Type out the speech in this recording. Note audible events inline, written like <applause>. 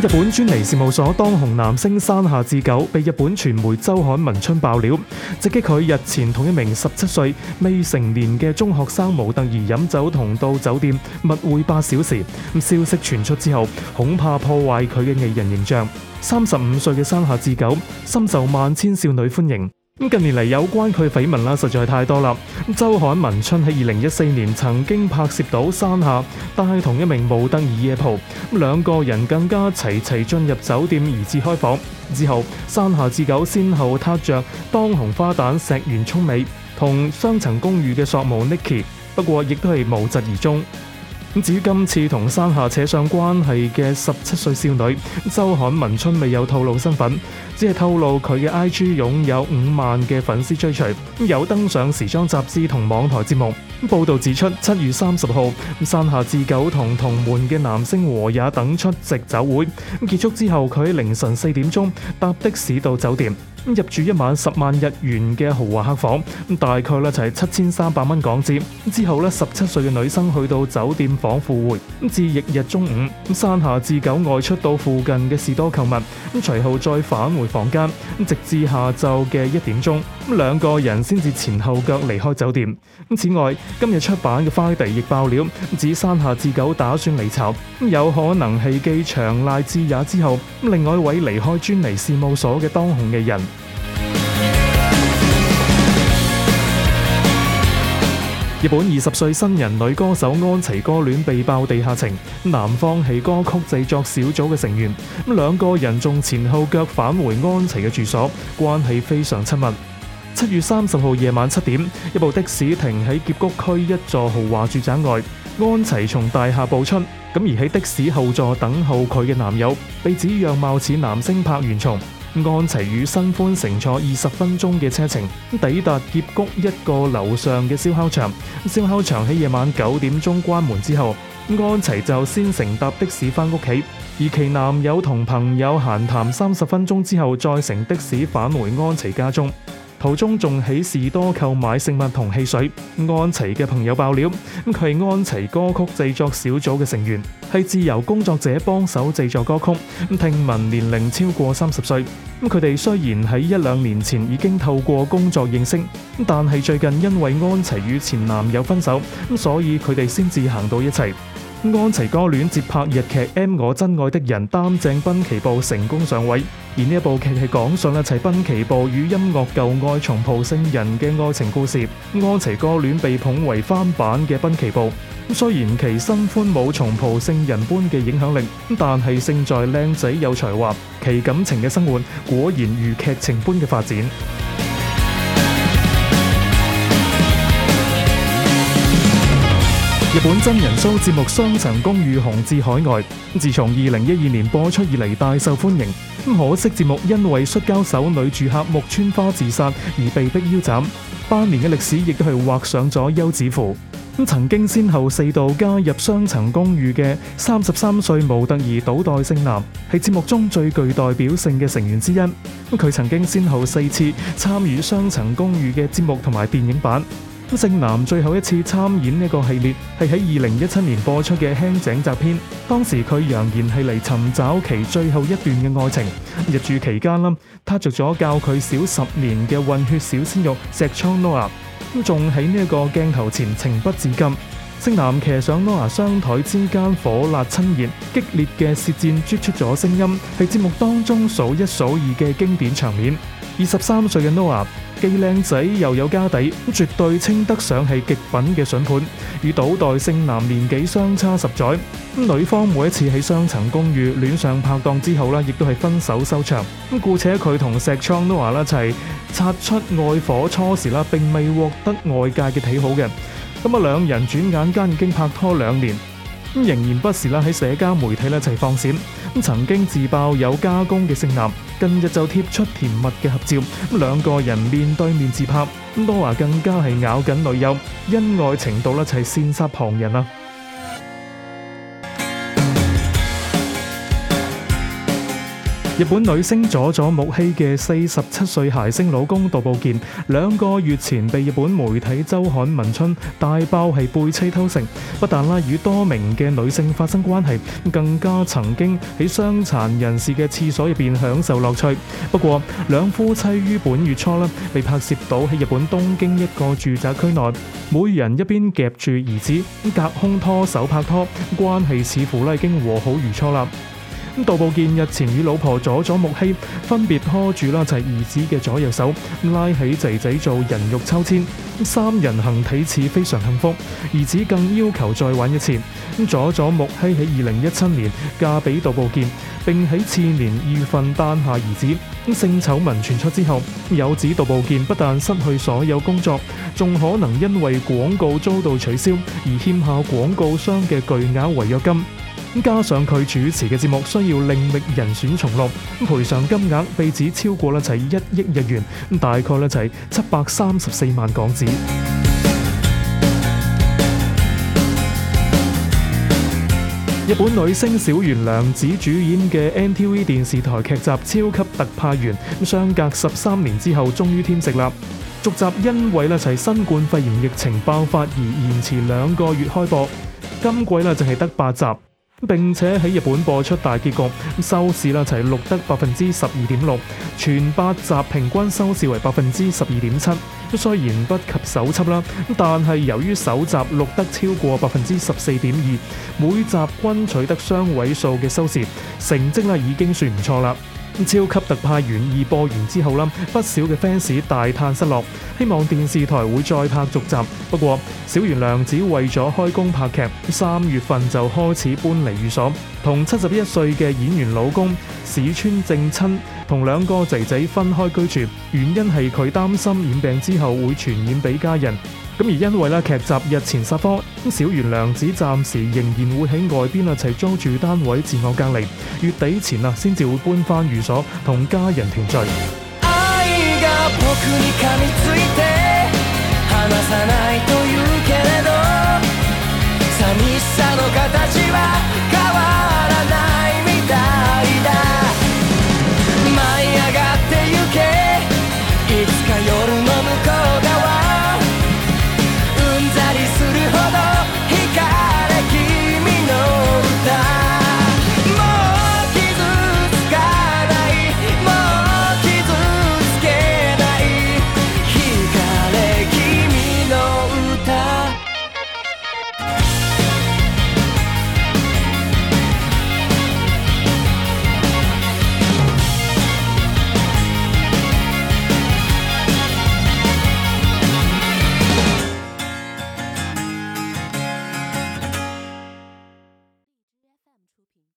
日本尊尼事務所當紅男星山下智久被日本傳媒周刊文春爆料，直擊佢日前同一名十七歲未成年嘅中學生模特兒飲酒同到酒店密會八小時。咁消息傳出之後，恐怕破壞佢嘅藝人形象。三十五歲嘅山下智久深受萬千少女歡迎。咁近年嚟有關佢緋聞啦，實在係太多啦。周刊文春喺二零一四年曾經拍攝到山下，但係同一名模特兒夜蒲，咁兩個人更加齊齊進入酒店而至開房。之後，山下智久先後撻着當紅花旦石原聰美同雙層公寓嘅索模 Nikki，不過亦都係無疾而終。至於今次同山下扯上關係嘅十七歲少女，周刊文春未有透露身份，只係透露佢嘅 I G 擁有五萬嘅粉絲追隨，有登上時裝雜誌同網台節目。報導指出，七月三十號，山下智久同同門嘅男星和也等出席酒會。咁結束之後，佢喺凌晨四點鐘搭的士到酒店，入住一晚十萬日元嘅豪華客房，大概咧就係七千三百蚊港紙。之後呢，十七歲嘅女生去到酒店。往赴會，至翌日中午，山下智久外出到附近嘅士多購物，咁隨後再返回房間，直至下晝嘅一點鐘，咁兩個人先至前後腳離開酒店。此外，今日出版嘅《Friday》亦爆料，指山下智久打算離巢，有可能係繼長瀨智也之後，另外一位離開尊尼事務所嘅當紅藝人。日本二十歲新人女歌手安琪歌戀被爆地下情，男方係歌曲製作小組嘅成員。咁兩個人仲前後腳返回安琪嘅住所，關係非常親密。七月三十號夜晚七點，一部的士停喺杰谷區一座豪華住宅外，安琪從大廈步出，咁而喺的士後座等候佢嘅男友，被指樣貌似男星柏原崇。安琪與新歡乘坐二十分鐘嘅車程，抵達結谷一個樓上嘅燒烤場。燒烤場喺夜晚九點鐘關門之後，安琪就先乘搭的士返屋企，而其男友同朋友閒談三十分鐘之後，再乘的士返回安琪家中。途中仲喺士多購買食物同汽水。安琪嘅朋友爆料，咁佢係安琪歌曲製作小組嘅成員，係自由工作者幫手製作歌曲。咁聽聞年齡超過三十歲。咁佢哋雖然喺一兩年前已經透過工作認識，但係最近因為安琪與前男友分手，咁所以佢哋先至行到一齊。安琪歌戀接拍日劇《M 我真愛的人》，擔正濱崎步成功上位。而呢一部劇係講述一齊濱崎步與音樂舊愛松浦聖人嘅愛情故事。安琪歌戀被捧為翻版嘅濱崎步。咁雖然其新歡冇松浦聖人般嘅影響力，但係勝在靚仔有才華。其感情嘅生活果然如劇情般嘅發展。日本真人 show 節目《雙層公寓》紅至海外，自從2012年播出以嚟大受歡迎。可惜節目因為摔跤手女住客木村花自殺而被迫腰斬，八年嘅歷史亦都係畫上咗休止符。咁曾經先後四度加入《雙層公寓》嘅三十三歲模特兒島袋聖南，係節目中最具代表性嘅成員之一。佢曾經先後四次參與《雙層公寓》嘅節目同埋電影版。咁聖南最後一次參演呢個系列係喺二零一七年播出嘅《輕井澤篇》集，當時佢揚言係嚟尋找其最後一段嘅愛情。入住期間啦，他着咗教佢小十年嘅混血小鮮肉石倉諾亞，a 仲喺呢一個鏡頭前情不自禁。聖南騎上諾亞雙腿之間火辣親熱激烈嘅舌戰，啜出咗聲音，係節目當中數一數二嘅經典場面。二十三歲嘅諾亞。既靚仔又有家底，咁絕對稱得上係極品嘅筍盤。與島袋聖南年紀相差十載，咁女方每一次喺雙層公寓戀上拍檔之後咧，亦都係分手收場。咁故且佢同石倉都話咧，一齊擦出愛火初時啦，並未獲得外界嘅睇好嘅。咁啊，兩人轉眼間已經拍拖兩年。仍然不時啦喺社交媒體啦一齊放閃，曾經自爆有加工嘅盛男，近日就貼出甜蜜嘅合照，咁兩個人面對面自拍， <laughs> 多華更加係咬緊女友，恩愛程度啦一齊羨煞旁人啊！日本女星佐佐木希嘅四十七歲諧星老公渡部健，兩個月前被日本媒體周刊文春大爆係背妻偷情，不但啦與多名嘅女性發生關係，更加曾經喺傷殘人士嘅廁所入邊享受樂趣。不過，兩夫妻於本月初啦被拍攝到喺日本東京一個住宅區內，每人一邊夾住兒子，隔空拖手拍拖，關係似乎啦已經和好如初啦。杜步健日前與老婆佐佐木希分別拖住啦，齊兒子嘅左右手，拉起仔仔做人肉抽籤，三人行睇似非常幸福。兒子更要求再玩一次。咁佐佐木希喺二零一七年嫁俾杜步健，並喺次年二月份誕下兒子。咁性醜聞傳出之後，有指杜步健不但失去所有工作，仲可能因為廣告遭到取消而欠下廣告商嘅巨額違約金。加上佢主持嘅節目需要另覓人選重錄，賠償金額被指超過咧，就係一億日元，大概咧就係七百三十四萬港紙。 <music> 日本女星小原涼子主演嘅 NTV 電視台劇集《超級特派員》，相隔十三年之後終於添食喇。續集因為咧就係新冠肺炎疫情爆發而延遲兩個月開播，今季咧就係得八集。並且喺日本播出大結局，收視啦齊錄得百分之十二點六，全八集平均收視為百分之十二點七。雖然不及首輯啦，但係由於首集錄得超過百分之十四點二，每集均取得雙位數嘅收視，成績啦已經算唔錯啦。超級特派員二播完之後啦，不少嘅 fans 大嘆失落，希望電視台會再拍續集。不過，小原良子為咗開工拍劇，三月份就開始搬離寓所，同七十一歲嘅演員老公史川正親同兩個仔仔分開居住，原因係佢擔心染病之後會傳染俾家人。咁而因為咧劇集日前殺科，咁小袁良子暫時仍然會喺外邊啊一齊租住單位自我隔離，月底前啊先至會搬返寓所同家人團聚。 <music>